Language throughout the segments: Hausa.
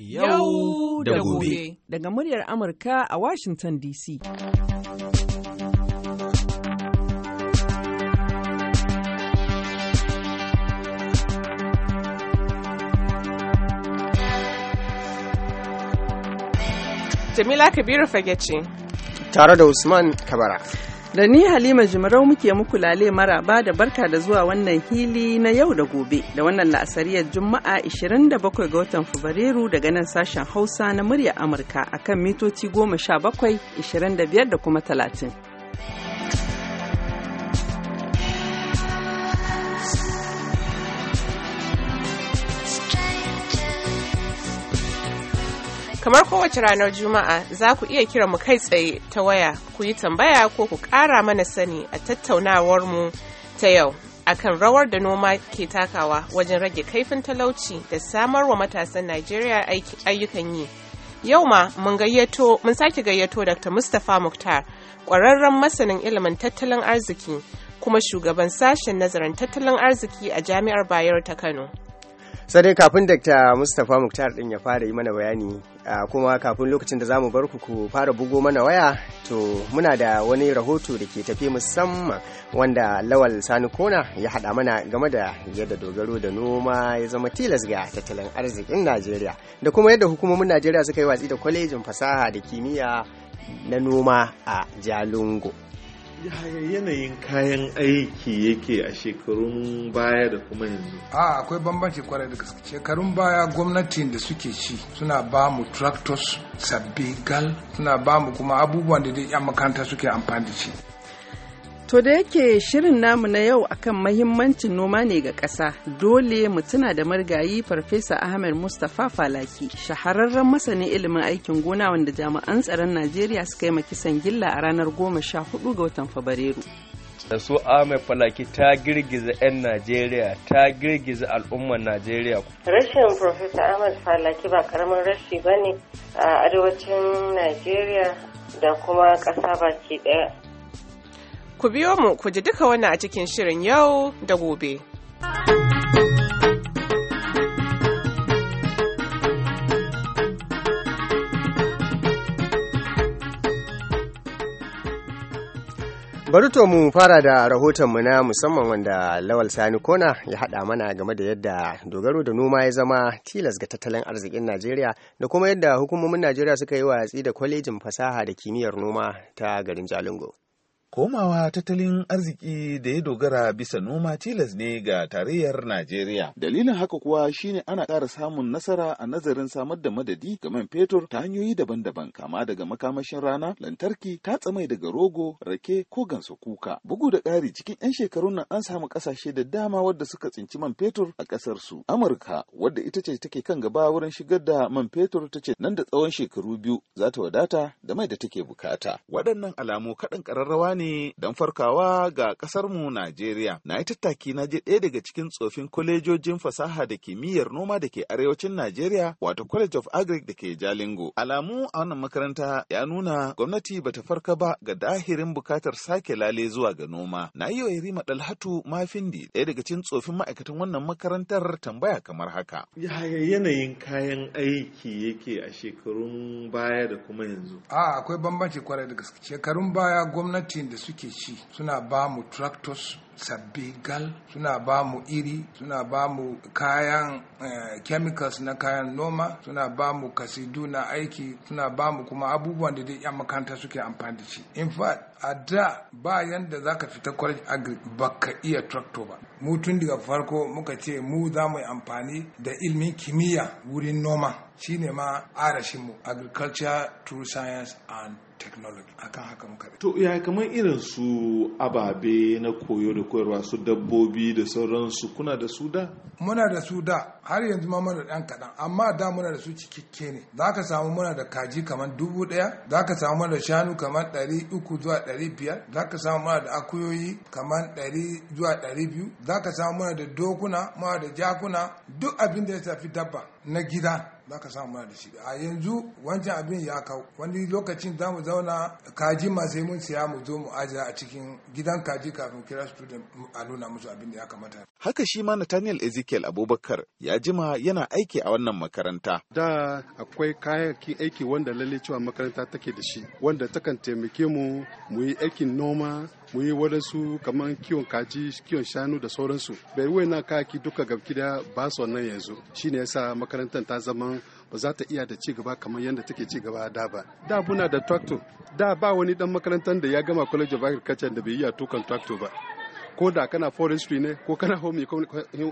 yau da gobe. Daga muryar Amurka a Washington DC. Jamila Kabiru fage ce. Tare da Usman Kabara. Da ni Halima Jimarau muke muku lale mara ba da barka da zuwa wannan hili na yau da gobe da wannan la'asariyar Juma'a 27 ga watan Fabrairu daga nan sashen Hausa na murya Amurka akan mitoci 17, 25 da kuma 30. Kamar kowace ranar Juma'a za ku iya kira mu kai tsaye ta waya ku yi tambaya ko ku ƙara mana sani a tattaunawar mu ta yau akan rawar da noma ke takawa wajen rage kaifin talauci da samar wa matasan Najeriya ayyukan yi. Yau ma mun gayyato mun sake gayyato Dr. Mustapha Muktar ƙwararren masanin ilimin tattalin arziki kuma shugaban sashen nazarin tattalin arziki a Jami'ar Bayero ta Kano. sai dai kafin Dr. Mustapha Muktar din ya fara yi mana bayani kuma kafin lokacin da zamu bar ku ku fara bugo mana waya to muna da wani rahoto da ke tafi musamman wanda Lawal Sani Kona ya hada mana game da yadda dogaro da noma ya zama tilas ga tattalin arzikin Najeriya da kuma yadda hukumomin Najeriya suka yi watsi da kwalejin fasaha da kimiyya na noma a Jalingo. yanayin kayan aiki yake a shekarun baya da kuma yanzu a akwai bambanci kwarai da gaske shekarun baya gwamnatin da suke ci suna ba mu tractors sabbigal gal suna ba mu kuma abubuwan da dai yan makaranta suke amfani da shi To da yake shirin namu na yau akan mahimmancin noma ne ga ƙasa, dole mu tuna da margayi Farfesa Ahmed Mustapha Falaki, shahararren masanin ilimin aikin gona wanda jami'an tsaron Najeriya suka yi kisan gilla a ranar goma sha hudu ga watan Fabrairu. Da su Ahmed Falaki ta girgiza 'yan Najeriya, ta girgiza al'ummar Najeriya. Rashin Farfesa Ahmed Falaki ba karamin rashi ba ne a arewacin Najeriya da kuma ƙasa baki ɗaya. Ku biyo mu ku ji duka wannan a cikin shirin yau da gobe. bari to mu fara da rahotonmu na musamman wanda lawal sani kona ya haɗa mana game da yadda dogaro da noma ya zama tilas ga tattalin arzikin najeriya da kuma yadda hukumomin najeriya suka yi watsi da kwalejin fasaha da kimiyyar noma ta garin jalingo Komawa tattalin arziki da ya dogara bisa noma tilas ne ga tarayyar Najeriya. Dalilin haka kuwa shine ana ƙara samun nasara a nazarin samar da madadi ga man fetur ta hanyoyi daban-daban kama daga makamashin rana, lantarki, tatsa mai daga rogo, rake ko gansa kuka. Bugu da ƙari cikin 'yan shekarun nan an samu ƙasashe da dama wadda suka tsinci man fetur a ƙasar su. Amurka wadda ita ce take kan gaba wurin shigar da man fetur ta ce nan da tsawon shekaru biyu za ta wadata da mai da take bukata. Waɗannan alamu kaɗan ƙararrawa ne ne don farkawa ga ƙasarmu Najeriya. Na yi tattaki na je ɗaya daga cikin tsofin kwalejojin fasaha da kimiyyar noma da ke arewacin Najeriya wato College of Agric da ke Jalingo. Alamu a wannan makaranta ya nuna gwamnati ba ta farka ba ga dahirin bukatar sake lale zuwa ga noma. Na yi wa Rima Dalhatu Mafindi ɗaya daga cikin tsofin ma'aikatan wannan makarantar tambaya kamar haka. Yaya yanayin kayan aiki yake a shekarun baya da kuma yanzu? A ah, akwai bambanci kwarai da gaske. Shekarun baya gwamnati da suke ci suna ba mu tractors sabbi gal suna ba mu iri suna ba mu kayan eh, chemicals na kayan noma suna ba mu kasidu na aiki suna ba mu kuma abubuwan da dai yan makaranta suke amfani da shi in fact a da ba yanda za ka fita college agri ba ka iya tractor ba mu tun daga farko muka ce mu za mu yi amfani da ilmin kimiyya wurin noma shine ma arashinmu agriculture true science and technology akan haka muka to ya kamar irin su ababe na koyo da koyarwa su dabbobi da sauransu kuna da su da muna da su da har yanzu ma muna da ɗan kaɗan amma da muna da su cikakke ne za ka samu muna da kaji kamar dubu ɗaya za ka samu muna da shanu kamar ɗari uku zuwa ɗari biyar za ka samu muna da akuyoyi kamar ɗari zuwa ɗari biyu za ka samu muna da dokuna muna da jakuna duk abin da ya tafi dabba na gida za ka samu mana da shi a yanzu wancan abin ya kau wani lokacin za mu zauna kaji masu mun siya mu zo mu ajiya a cikin gidan kaji kafin kira student a nuna musu abin da ya kamata haka shi ma Nathaniel Ezekiel Abubakar ya jima yana aiki a wannan makaranta da akwai kayayyakin aiki wanda lalle cewa makaranta take da shi wanda takan taimake mu mu yi aikin noma mun yi wadansu kamar kiwon kaji kiwon shanu da sauransu bai wayannan kayaki duka gabki da ba su wannan yanzu shine yasa makarantar ta zama ba za ta iya da ci gaba kamar yadda take ci gaba da ba da buna da tractor da ba wani dan makarantar da ya gama college of agriculture da bai iya tukan tractor ba ko da kana forestry ne ko kana home,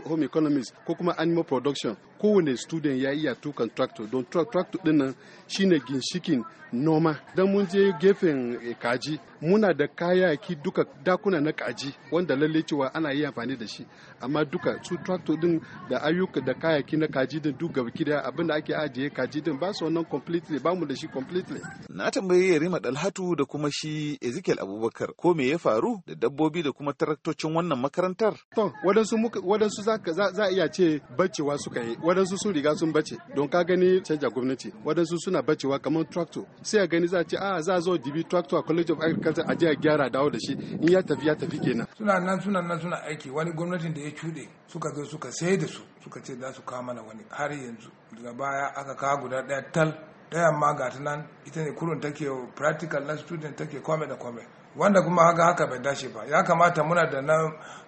home economics ko kuma animal production kowane student ya iya tukan tractor don tractor din nan shine ginshikin noma dan mun je gefen eh, kaji muna da kayayyaki duka dakuna na kaji wanda lalle cewa ana yi amfani da shi amma duka su tractor din da ayyuka da kayayyaki na kaji din duk gaba kida abin da ake ajiye kaji din ba su wannan completely ba mu da shi completely na tambayi Yarima Dalhatu da kuma shi Ezekiel Abubakar ko me ya faru da dabbobi da kuma taraktocin wannan makarantar to wadansu wadansu za a iya ce bacewa suka yi wadansu sun riga sun bace don ka gani canja gwamnati wadansu suna bacewa kamar tractor sai a gani za a ce a ah, za a zo dibi tractor a college of agriculture kansa a jiya gyara dawo da shi in ya tafi ya tafi kenan suna nan suna nan suna aiki wani gwamnatin da ya cuɗe suka zo suka sai da su suka ce za su kawo mana wani har yanzu daga baya aka kawo guda ɗaya tal ɗayan ma ga ta nan ita ne kurun take practical na student take kome da kome wanda kuma haka haka bai dace ba ya kamata muna da na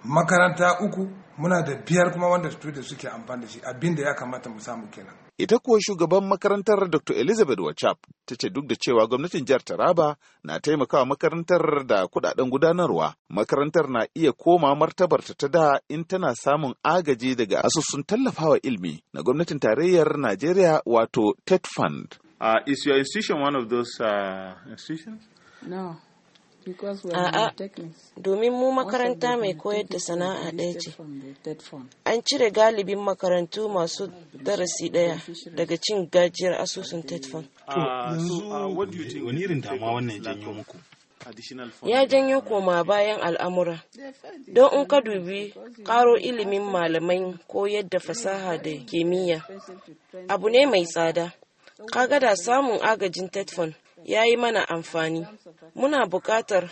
makaranta uku muna da biyar kuma wanda student suke amfani da shi abinda ya kamata mu samu kenan Ita kuwa shugaban makarantar Dr. Elizabeth Wachap ta ce duk da cewa gwamnatin jihar Taraba na taimakawa makarantar da kudaden gudanarwa, makarantar na iya koma martabar ta da in tana samun agaji daga asusun tallafawa ilmi na gwamnatin tarayyar Najeriya wato TED Fund. Uh, is your institution one of those uh, institutions? No. A'a, domin mu makaranta mai koyar da sana'a ɗaya ce. An cire galibin makarantu masu darasi ɗaya daga cin gajiyar asusun tetfon. Ah, ah, ya janyo koma bayan al'amura, don in ka dubi ƙaro ilimin malamai koyar da fasaha da kimiyya. Abu ne mai tsada, kaga da samun agajin tetfon ya yi mana amfani muna buƙatar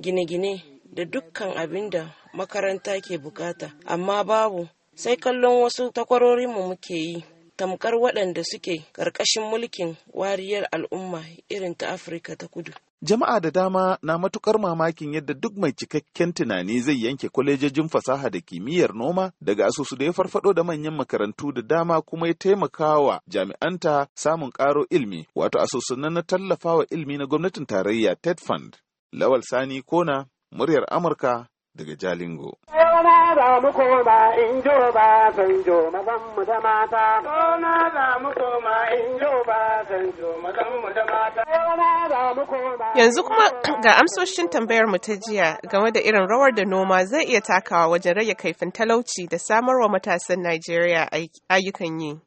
gine-gine da dukkan abin da makaranta ke bukata amma babu sai kallon wasu takwarorinmu muke yi tamkar waɗanda suke ƙarƙashin mulkin wariyar al'umma irin ta afirka ta kudu Jama'a da dama na matukar mamakin yadda duk mai cikakken tunani zai yanke kwalejojin fasaha da kimiyyar noma daga asusu da ya farfado da manyan makarantu da dama kuma ya taimaka wa jami'anta samun karo ilmi wato asusu na tallafawa ilmi na gwamnatin tarayya TED Fund. Lawal Sani Kona, muryar Amurka daga Jalingo. Gona za mu koma in jo ba san jo mazan mu da mata. Gona za mu koma in jo ba san jo mazan mu da mata. Gona za mu koma. Yanzu kuma ga amsoshin tambayar mu ta jiya game da irin rawar da noma zai iya takawa wajen rage kaifin talauci da samarwa matasan Najeriya ayyukan yi.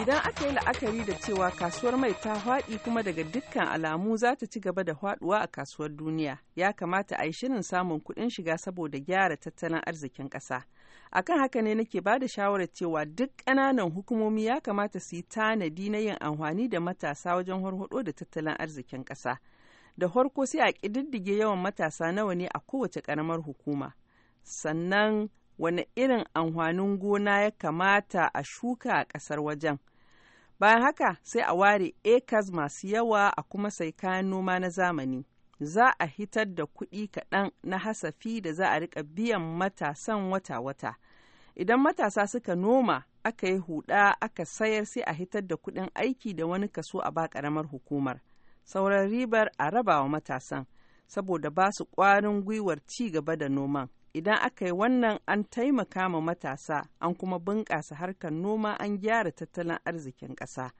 Idan aka yi la'akari da cewa kasuwar mai ta haɗi kuma daga dukkan alamu za ta ci gaba da haɗuwa a kasuwar duniya, ya kamata a yi shirin samun kuɗin shiga saboda gyara tattalin arzikin ƙasa. Akan haka ne nake ba da shawarar cewa duk ƙananan hukumomi ya kamata su yi tanadi na yin amfani da matasa wajen horhoɗo da tattalin arzikin ƙasa. Da farko sai a ƙididdige yawan matasa nawa ne a kowace ƙaramar hukuma. Sannan wani irin amfanin gona ya kamata a shuka a ƙasar wajen. Bayan haka sai a ware acres masu yawa a kuma sai kayan noma na zamani. Za a hitar da kuɗi kaɗan na hasafi da za a riƙa biyan matasan wata-wata. Idan matasa suka noma aka yi huɗa aka sayar sai a hitar da kuɗin aiki da wani kaso a ba ƙaramar hukumar. Sauran ribar a rabawa matasan saboda ba su ƙwarin gwiwar ci gaba da noman. idan aka yi wannan an taimaka ma matasa an kuma bunƙasa harkar noma an gyara tattalin arzikin ƙasa.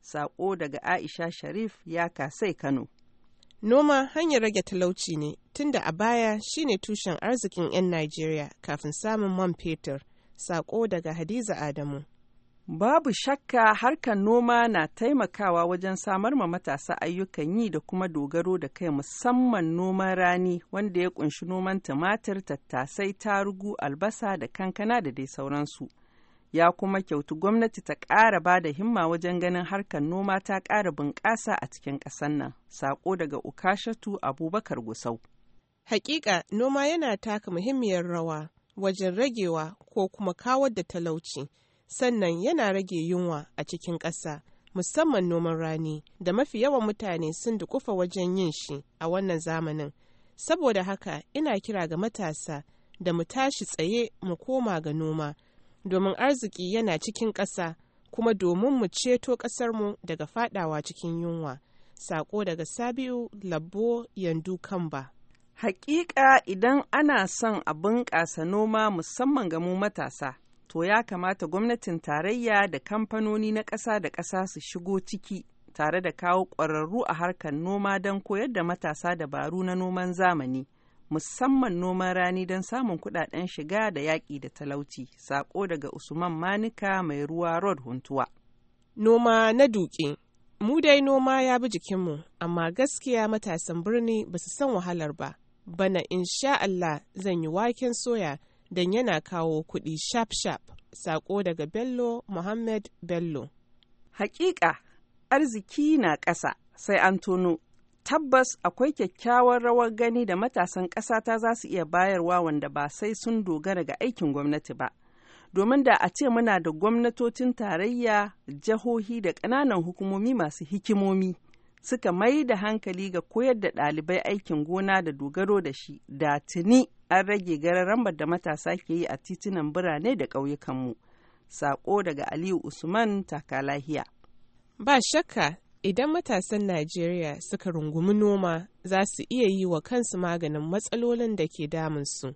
Sako daga Aisha Sharif ya kasai Kano. Noma hanyar rage talauci ne, tunda a baya shine tushen arzikin 'yan Najeriya kafin samun man fetur. Sako daga Hadiza Adamu. Babu shakka harkar noma na taimakawa wajen samar ma matasa ayyukan yi da kuma dogaro da kai musamman noman rani wanda ya kunshi noman tumatir, tattasai, tarugu, albasa da kankana da dai sauransu. Ya kuma kyautu gwamnati ta ƙara ba da himma wajen ganin harkar noma ta ƙara bunƙasa a cikin ƙasar nan. saƙo daga Ukashatu Abubakar Gusau. Hakika noma yana taka muhimmiyar rawa wajen ragewa ko kuma kawar da talauci. sannan yana rage yunwa a cikin ƙasa musamman noman rani da mafi yawan mutane sun dukufa wajen yin shi a wannan zamanin saboda haka ina kira ga matasa da mu tashi tsaye mu koma ga noma domin arziki yana cikin ƙasa kuma domin mu ceto ƙasarmu daga fadawa cikin yunwa sako daga sabiu labo yandu kamba Hakika idan ana son a bunƙasa noma musamman ga mu matasa to ya kamata gwamnatin tarayya da kamfanoni na ƙasa da ƙasa su shigo ciki tare da kawo ƙwararru a harkar noma don koyar da matasa dabaru na noman zamani musamman noman rani don samun kuɗaɗen shiga da yaƙi da talauci sako daga usman manika mai ruwa rod huntuwa noma na duƙe mu dai noma ya bi jikinmu amma gaskiya matasan birni ba su san wahalar ba bana insha Allah zan yi waken soya don yana kawo kuɗi sharp sharp Sako daga Bello Muhammad Bello. Hakika arziki na ƙasa sai an tono. Tabbas akwai kyakkyawar rawar gani da matasan ƙasa ta za su iya bayarwa wanda ba sai sun dogara ga aikin gwamnati ba. domin da a ce muna da gwamnatocin tarayya jihohi da ƙananan hukumomi masu hikimomi suka mai da hankali ga koyar da ɗalibai aikin gona da dogaro da shi da tuni an rage gararambar da matasa ke yi a titunan birane da ƙauyukanmu. Sako daga Aliyu Usman Takalahiya. Ba shakka idan matasan Najeriya suka rungumi noma za su iya yi wa kansu maganin matsalolin da ke damunsu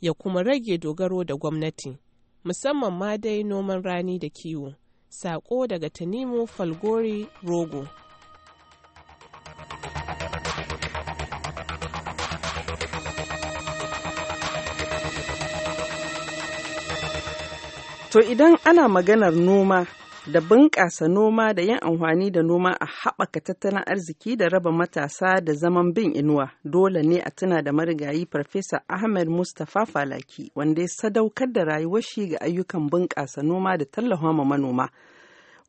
ya kuma rage dogaro da gwamnati, musamman ma dai noman rani da kiwo. Sako daga Tanimu Falgori Rogo. To idan ana maganar noma da bunƙasa noma da yin amfani da noma a haɓaka tattalin arziki da raba matasa da zaman bin inuwa dole ne a tuna da marigayi farfesa ahmed mustapha falaki wanda ya sadaukar da rayuwar shi ga ayyukan bunƙasa noma da tallafa ma manoma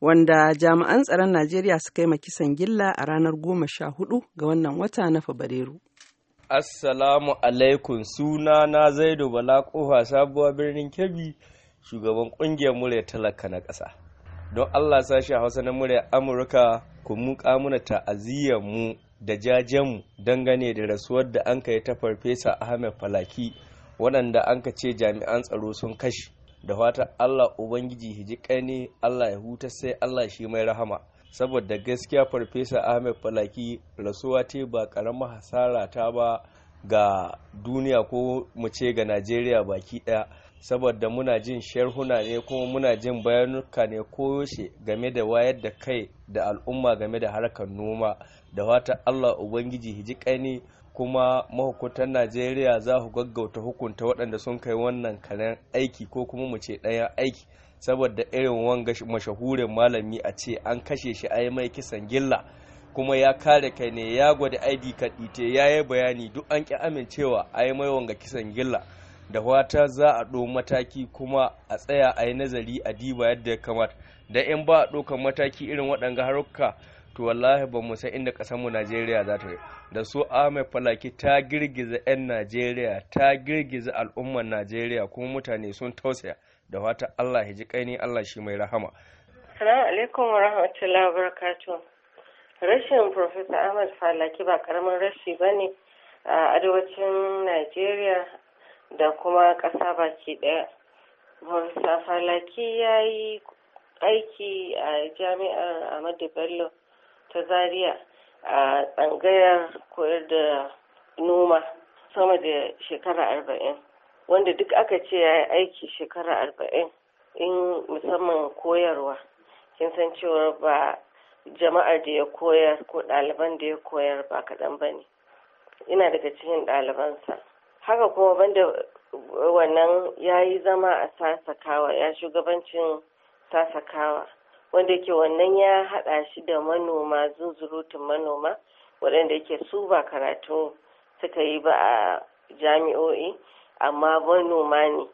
wanda jami'an tsaron najeriya suka yi kisan gilla a ranar goma sha hudu ga wannan wata na fabrairu assalamu alaikum suna na zaidu bala kofa sabuwar birnin kebbi shugaban kungiyar murya talaka na ƙasa don allah sashi a hausa na murya amurka ku muƙa muna ta'aziyyar mu da jajenmu dangane da rasuwar da an kai ta farfesa ahmed falaki waɗanda an ka ce jami'an tsaro sun kashe da fata allah ubangiji hiji ne allah ya huta sai allah shi mai rahama saboda gaskiya farfesa ahmed falaki rasuwa ce ba karama hasara ta ba ga duniya ko mu ce ga najeriya baki ɗaya saboda muna jin sharhuna ne kuma muna jin bayanuka ne yaushe game da wayar da kai da al'umma game da harkar noma da wata allah ubangiji kaini kuma mahukuntan najeriya za ku gaggauta hukunta waɗanda sun kai wannan kanan aiki ko kuma mu ce ɗayan aiki saboda irin wanga mashahurin malami a ce an kashe shi a mai kisan gilla kuma ya kare kai ne ya gwada id kaɗite ya yi bayani duk an ƙi amincewa a mai wanga kisan gilla da wata za a ɗo mataki kuma a tsaya a yi nazari a diba yadda ya kamata da in ba a ɗaukan mataki irin waɗanga haruka to wallahi ba mu san inda ƙasar mu Najeriya za ta da su Ahmed Falaki ta girgiza 'yan Najeriya ta girgiza al'ummar Najeriya kuma mutane sun tausaya da wata Allah ya ji kaini Allah shi mai rahama Assalamu alaikum wa rahmatullahi wa barakatuh rashin Professor Ahmed Falaki ba karamin rashi bane a arewacin Najeriya da kuma ƙasa baki ɗaya. Musa Falaki ya yi aiki a jami'ar Amadu Bello ta Zaria a tsangayar koyar da noma sama da shekara arba'in wanda duk aka ce ya yi aiki shekara arba'in in musamman koyarwa kin san cewa ba jama'ar da ya koyar ko ɗaliban da ya koyar ba kaɗan ba ne ina daga cikin ɗalibansa haka kuma banda wannan ya yi zama a sasakawa ya shugabancin sasakawa wanda yake wannan ya haɗa shi da manoma zunzurutun manoma waɗanda yake su ba karatu suka yi ba a jami'o'i amma manoma ne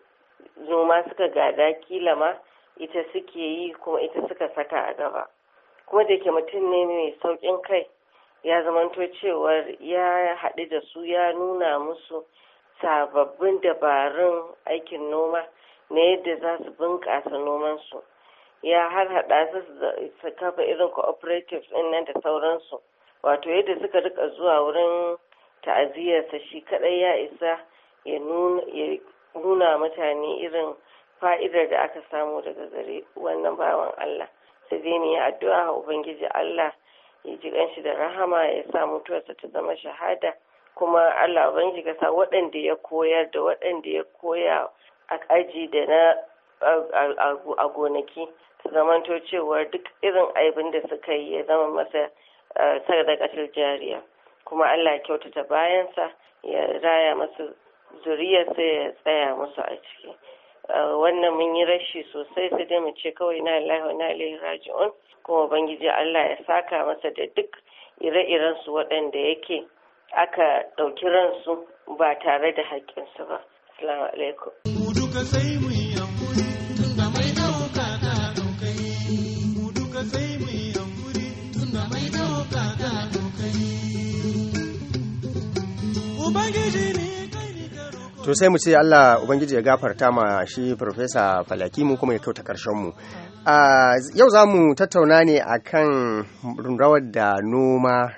noma suka gada kila ma ita suke yi kuma ita suka saka a gaba kuma da ke mutum ne mai saukin kai ya zamanto cewar ya haɗu da su ya nuna musu sababbin dabarun aikin noma na yadda za su bunƙasa nomansu ya har hada su su kafa irin cooperatives ɗin nan da sauransu wato yadda suka rika zuwa wurin ta'aziyarsa shi kadai ya isa ya nuna mutane irin fa'idar da aka samu daga gare wannan bawan Allah sai dai ne addu'a ubangiji Allah ya ji shi da rahama ya sa mutuwarsa ta zama shahada kuma Allah ban ka sa waɗanda ya koyar da waɗanda ya koya a aji da na a gonaki su zamanto cewa duk irin abin da suka yi ya zama masa sadakatar jariya kuma Allah kyautata bayansa ya raya masa sai ya tsaya musu a ciki wannan mun yi rashi sosai sai dai mu ce kawai na Allah na ilaihi raji'un kuma bangiji Allah ya saka masa da duk ire-iren su waɗanda yake aka ɗauki ransu ba tare da haƙƙinsu ba. Salamu alaikum. to sai mu ce Allah Ubangiji ya gafarta ma shi Farfesa Falaki mu kuma ya kyauta karshen mu. Ah, yau za mu tattauna ne akan rawar da noma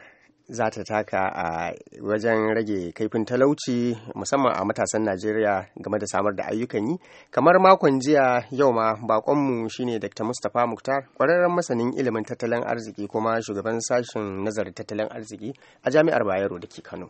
za ta taka a wajen rage kaifin talauci musamman a matasan najeriya game da samar da ayyukan yi kamar makon jiya yau ma bakonmu shine dr mustapha muktar kwararren masanin ilimin tattalin arziki kuma shugaban sashen nazarin tattalin arziki a jami'ar bayero da ke kano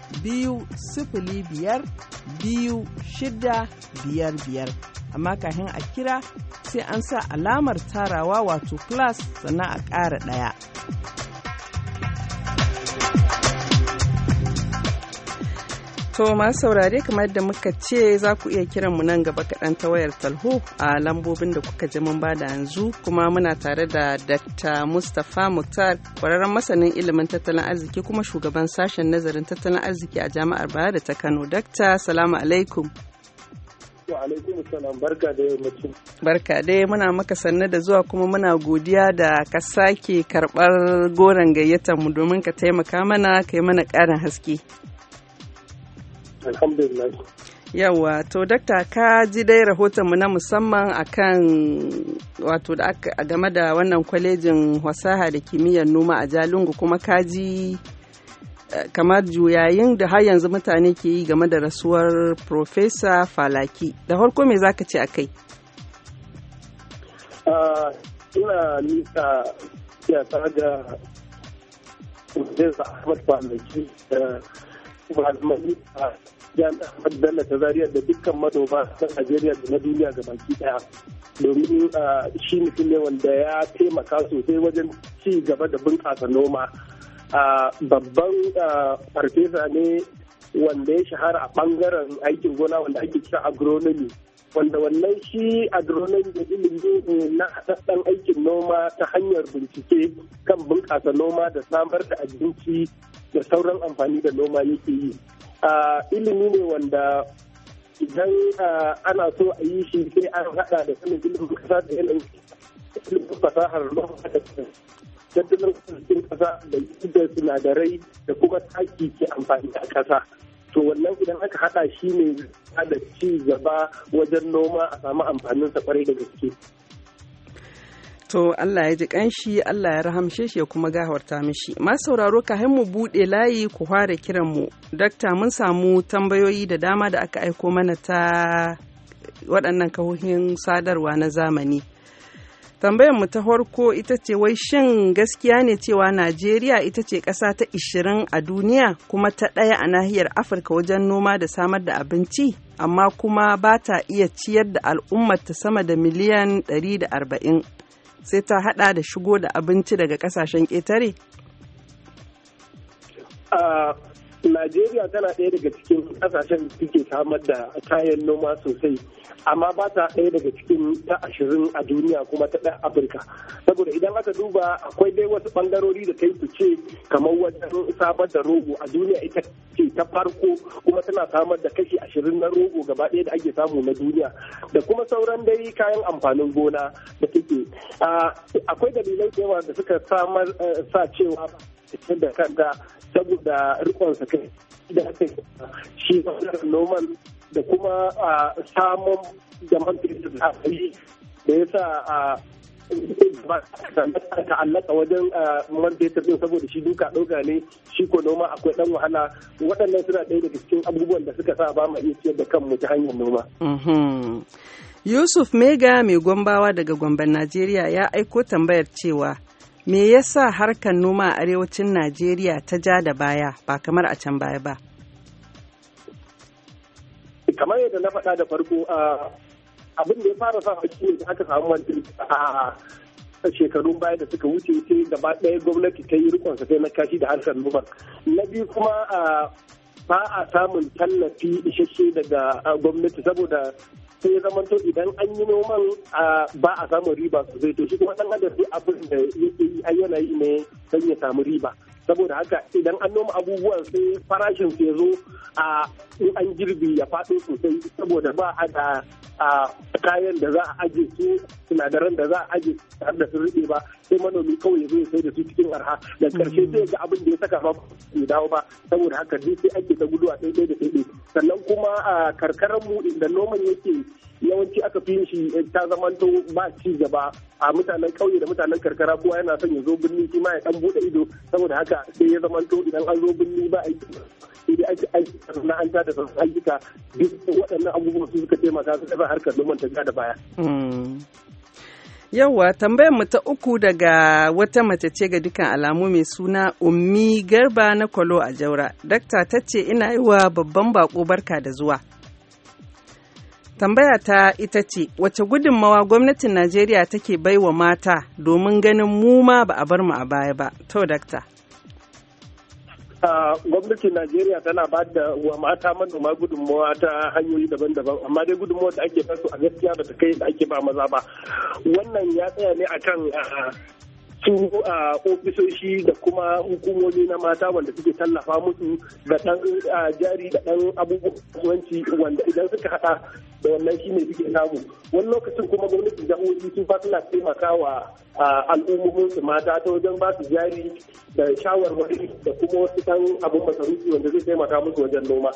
biyu sifili biyar biyu shida biyar biyar amma kafin a kira sai an sa alamar tarawa wato class sannan a ƙara ɗaya. To masu saurare kamar da muka ce za ku iya kiran mu nan gaba kaɗan ta wayar talho a lambobin da kuka ji mun bada yanzu kuma muna tare da Dr. Mustapha Muktar kwararren masanin ilimin tattalin arziki kuma shugaban sashen nazarin tattalin arziki a jami'ar Bayero ta Kano. Dr. Salamu alaikum. barka Barka dai muna maka sanne da zuwa kuma muna godiya da ka sake karɓar goron gayyatar mu domin ka taimaka mana kai mana ƙarin haske. alhamdulillah yawa to dakta ka ji dai rahotonmu na musamman akan wato da aka game da wannan kwalejin fasaha da kimiyyar noma a jalingu kuma ka ji eh, kamar juyayin da har yanzu mutane ke yi game da rasuwar profesa falaki da farko me zaka ce a kai ah, ina nisa ya siyasa da Ahmad Falaki da malamai a jami'ar Bello ta zariya da dukkan manoma na Najeriya da na duniya ga baki daya. Domin shi mutum ne wanda ya taimaka sosai wajen ci gaba da bunƙasa noma. Babban farfesa ne wanda ya shahara a ɓangaren aikin gona wanda ake kira agronomy. wanda wannan shi agronomy da ilimi na haɗaɗɗen aikin noma ta hanyar bincike kan bunƙasa noma da samar da abinci da sauran amfani da noma yake yi ilimi ne wanda idan ana so a yi shi sai an hada da sanin ilimin kasa da yanayin ilimin fasahar noma da tattalin arzikin kasa da yadda sinadarai da kuma taki ke amfani da kasa to wannan idan aka hada shi ne da ci gaba wajen noma a samu amfaninsa kwarai da gaske To Allah ya ji kanshi, Allah ya rahamshe shi ya kuma gawarta mishi. masu sauraro ka mu buɗe layi ku fara kiran mu. Dakta mun samu tambayoyi da dama da aka aiko mana ta waɗannan kahohin sadarwa na zamani. Tambayar mu ta farko ita ce wai shin gaskiya ne cewa Najeriya ita ce ƙasa ta 20 a duniya kuma ta ɗaya a nahiyar Afirka wajen noma da samar da abinci, amma kuma ba ta iya ciyar da al'ummarta sama da miliyan 140. sai ta hada da shigo da abinci daga kasashen ƙetare? Ah, Najeriya tana ɗaya daga cikin ƙasashen da suke samar da kayan noma sosai amma ba ta ɗaya daga cikin ta ashirin a duniya kuma ta ɗan Afirka. Saboda idan aka duba akwai dai wasu bangarori da ta yi fice kamar wajen samar da rogo a duniya ita ce ta farko kuma tana samar da kashi ashirin na rogo gaba ɗaya da ake samu na duniya da kuma sauran dai kayan amfanin gona da take. Ah, akwai dalilai da yawa da suka samar eh, sa cewa cikin da kanta saboda rikon sa kai da aka shi shi noman da kuma samun da man da da ya sa ta'allaka wajen man fetur din saboda shi duka ɗauka ne shi ko noma akwai ɗan wahala waɗannan suna ɗaya daga cikin abubuwan da suka sa ba mu iya ciyar da kanmu ta hanyar noma. Mhm. Yusuf Mega mai gwambawa daga Gomban Najeriya ya aiko tambayar cewa Me yasa harkar noma a arewacin Najeriya ta ja da baya ba kamar a can baya ba? Kamar yadda na faɗa da farko abin da ya fara sa shi da aka samu wancan a shekarun baya da suka wuce ce gaba ɗaya gwamnati ta yi rikon sai na kashi da harkar noma Na biyu kuma ba a samun tallafi isasshe daga gwamnati saboda sai zaman to idan an yi noman ba a samun riba sosai to shi kuma dan adam sai abin da yake yi a yanayi ne don ya samu riba saboda haka idan an noma abubuwan sai farashin ke zo a in an girbi ya faɗo sosai saboda ba a da a kayan da za a aje su sinadaran da za a aje har da sun rike ba sai manomi kawai ya zo sai da su cikin arha da karshe mm. sai ga abin da ya saka ba ya dawo ba saboda haka duk sai ake ta gudu a sai da sai sannan kuma a karkarar mu inda noman yake yawanci aka fi shi eh, ta zamanto ba ci gaba a mutanen kauye da mutanen karkara kowa yana son ya zo birni shi ma ya dan bude ido saboda haka sai ya zamanto idan an zo birni ba aiki sai dai da sauran ayyuka duk waɗannan abubuwan su suka taimaka su harkar noman ta da baya. Hmm. Yawwa tambayar mu ta uku daga wata mace ce ga dukan alamu mai suna Ummi Garba na Kwalo a Jaura. Dakta ta ce ina yi wa babban bako barka da zuwa. Tambaya ta ita ce, wace gudunmawa gwamnatin Najeriya take baiwa mata domin ganin mu ma ba a bar mu a baya ba. To, dakta. gwamnatin Najeriya tana ba da wa mata manoma gudunmawa ta hanyoyi daban-daban amma dai gudunmawa da ake basu a gaskiya ba ta kai da ake ba maza ba wannan ya tsaya ne akan su a ofisoshi da kuma hukumomi na mata wanda suke tallafa musu da dan jari da dan abubuwan kasuwanci wanda idan suka hada da wannan shi ne suke samu wani lokacin kuma gwamnati jihohi sun fa suna taimakawa al'ummomin su mata ta wajen ba su jari da shawarwari da kuma wasu dan abin masarufi wanda zai taimaka musu wajen noma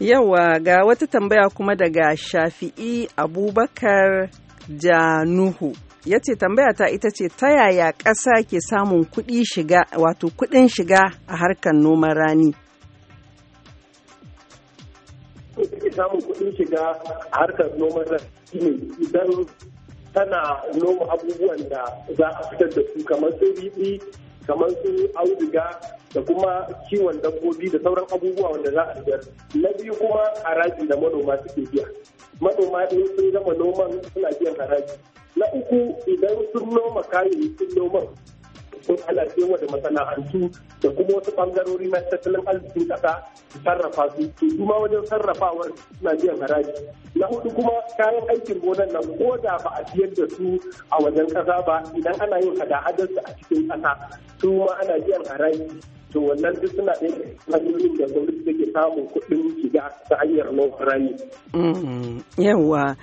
Yawa ga wata tambaya kuma daga Shafi'i Abubakar Januhu. ya ce tambaya ta ita ce ta yaya ƙasa ke samun kuɗi shiga wato kuɗin shiga a harkar noman rani. samun kuɗin shiga a harkar noman rani idan tana noma abubuwan da za a fitar da su kamar su riɗi kamar su auduga da kuma kiwon dabbobi da sauran abubuwa wanda za a fitar na biyu kuma haraji da manoma suke biya manoma ɗin sun zama noman suna biyan haraji na uku idan sun noma kayan sun noma sun halace wa da masana'antu da kuma wasu bangarori na tattalin arzikin kasa su sarrafa su su kuma wajen sarrafawar suna biyan haraji na hudu kuma kayan aikin gonan na ko da ba a siyar da su a wajen kasa ba idan ana yin hada-hadar su a cikin kasa su ma ana biyan haraji to wannan duk suna da hanyoyin da gwamnati take samun kuɗin shiga ta hanyar noman rani. Mm, yawwa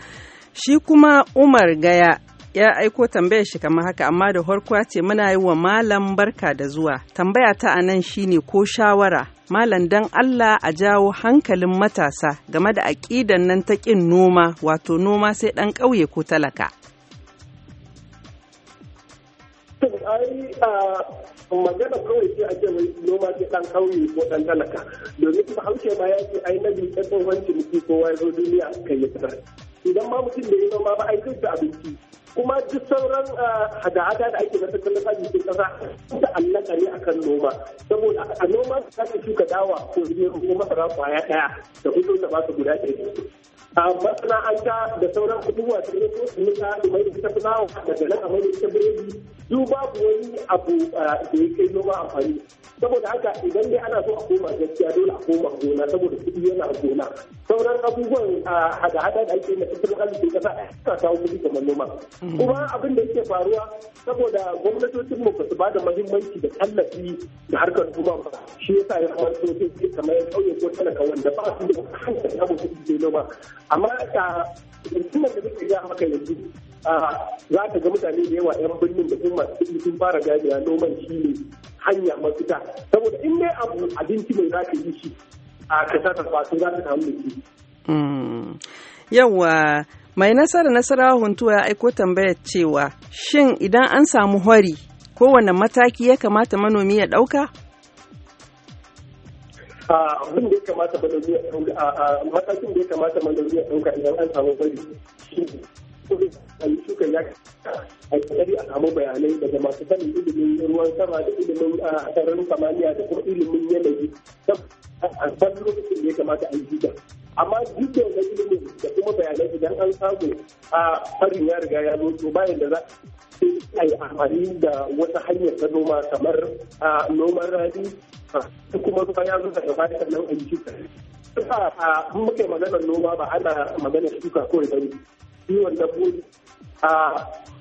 Shi kuma Umar Gaya ya aiko tambayar shi kama haka amma da harko ce muna yi wa malam barka da zuwa. Tambaya ta a nan shine ko shawara malam dan Allah a jawo hankalin matasa game da aƙidan nan ta ƙin noma wato noma sai ɗan ƙauye ko talaka. magana kawai sai a ce mai noma ke dan kauye ko ɗan talaka domin ba hauke ma ya ce ai na bi tsohon ciniki kowa ya zo duniya kai yi fitar idan ma mutum da yi noma ba ai zai ci abinci kuma duk sauran ah, hada-hada da ake masa tallafin arzikin kasa ta allaka ne akan noma saboda a noma ta ka shuka dawa ko gero ko masara kwaya daya da fito ta ba su guda ɗaya a masana'anta da sauran abubuwa ta ne ko su da mai ta fulawa da galan a mai ta biredi babu wani abu ah, da ya kai noma amfani saboda haka idan dai ana so a koma gaskiya dole a koma gona saboda kuɗi yana gona sauran abubuwan a hada-hada da ake na tattalin da kasa ta kawo kuɗi kamar noma mm. kuma abin da yake faruwa saboda gwamnatocin mu ba su ba da muhimmanci da tallafi da harkar noma ba shi yasa ya kawo so sai kamar kauye ko talaka wanda ba su da kanta samun kuɗi da noma amma ta mutumin da muke ga maka yanzu za ka ga mutane da yawa 'yan birnin da kuma masu kuɗi sun fara gajiya noman shi ne hanya mafita saboda in dai abu abinci mai za ka yi shi a ta fasu za ta samu mm. Yawwa mai nasara nasarawa huntuwa ya aiko tambayar cewa shin idan an samu hori kowane mataki ya kamata manomi ya ɗauka? abin da ya kamata manomi ya matakin da ya kamata manomi ya ɗauka idan an samu hori ayyukan ya a kokari a samu bayanai daga masu sanin ilimin ruwan sama da ilimin sararin samaniya da kuma ilimin yanayi a san lokacin da ya kamata a yi amma duk da ilimin da kuma bayanai idan an samu a farin ya riga ya zo to bayan da za a yi amfani da wata hanyar ta noma kamar noman rani da kuma ruwa ya zo daga baya sannan a yi shuka. Muka yi maganar noma ba ana maganar shuka kawai bane. kiwon dabbobi a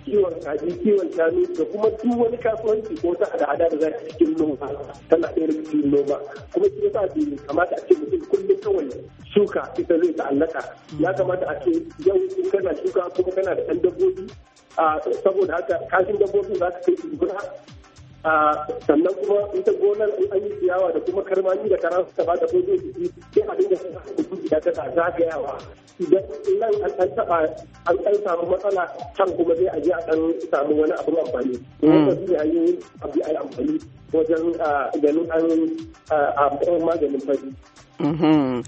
kiwon kaji kiwon shanu da kuma duk wani kasuwanci ko ta da hada da za ta cikin noma tana ɗaya daga cikin noma kuma shi yasa bai kamata a ce mutum kullum kawai shuka ita zai ta'allaka ya kamata a ce yau in kana shuka kuma kana da ɗan dabbobi saboda haka kashin dabbobin za ka kai gona sannan kuma ita gonar in an yi ciyawa da kuma karmami da karan suka bada ko zai jiki sai a dinga da ta zagayawa idan nan an ɗan taɓa an ɗan samu matsala can kuma zai a je a ɗan samu wani abin amfani mm. wanda su ne hanyoyin a yi amfani wajen ganin an maganin fari mm-hmm.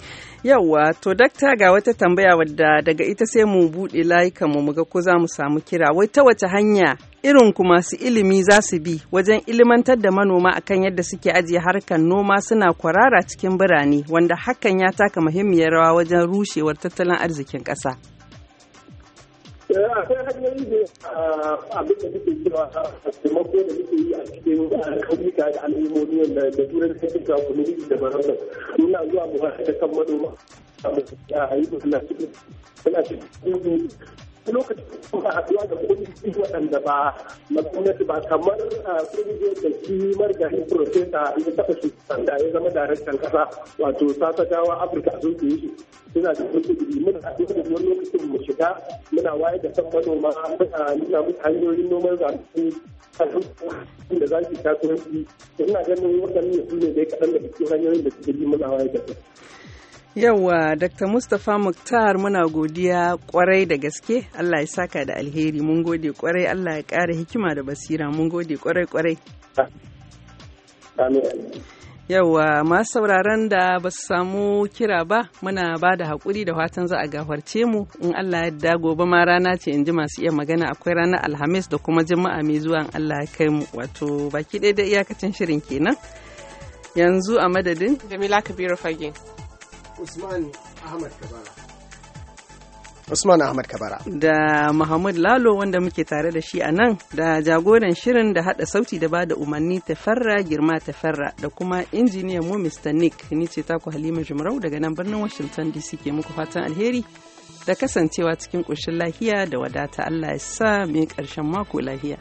Yawwa, to dakta ga wata tambaya wadda daga ita sai mu buɗe layukan mu muga ko za mu samu kira. Wai ta wace hanya irin ku masu ilimi za su bi wajen ilimantar da manoma akan yadda suke ajiye harkar noma suna kwarara cikin birane wanda hakan ya taka muhimmiyar rawa wajen rushewar tattalin arzikin ƙasa. Eh, akwai hanyoyi a ah, abin da muke cewa ah, taimako da muke yi a cikin ah, kauyuka da al'ummomi wanda da turai da suka community da barasa muna zuwa mu haɗa kan manoma a yi mutuna cikin lokacin kuma haɗuwa da kungiyoyi waɗanda ba na gwamnati ba kamar ah, kungiyoyi da shi margari profesa ya taɓa shugaban da ya zama daraktan ƙasa wato sasadawa afirka sun ke yi suna da wasu gidi muna haɗuwa da wani lokacin mu shiga muna wayar da kan manoma ah, muna nuna musu hanyoyin noman zamani da za su kasuwanci ina ganin waɗannan su ne dai kaɗan da cikin hanyoyin da suke yi muna wayar da kan Yawwa, Dr. Mustapha Muktar muna godiya kwarai da gaske, Allah ya saka da alheri, mun gode kwarai, Allah ya kara hikima da basira, mun gode kwarai kwarai. Yawwa, masu sauraron da ba su samu kira ba, muna ba da haƙuri da watan za a gafarce mu, in Allah ya da gobe ma rana ce in ji masu iya magana akwai ranar Alhamis da kuma Juma'a mai zuwa Allah ya kai mu, wato baki ɗaya da iyakacin shirin kenan. Yanzu a madadin. Jamila Kabiru Fage. Usman Ahmad Kabara. Da Muhammad Lalo wanda muke tare da shi a nan da jagoran shirin da hada sauti da bada umarni ta farra girma ta farra. da kuma injiniyan mu Mr. Nick ni ce taku Halima Jumrau daga nan birnin Washington DC ke muku fatan alheri da kasancewa cikin ƙoshin lahiya da wadata Allah ya sa mai ƙarshen mako lahiya.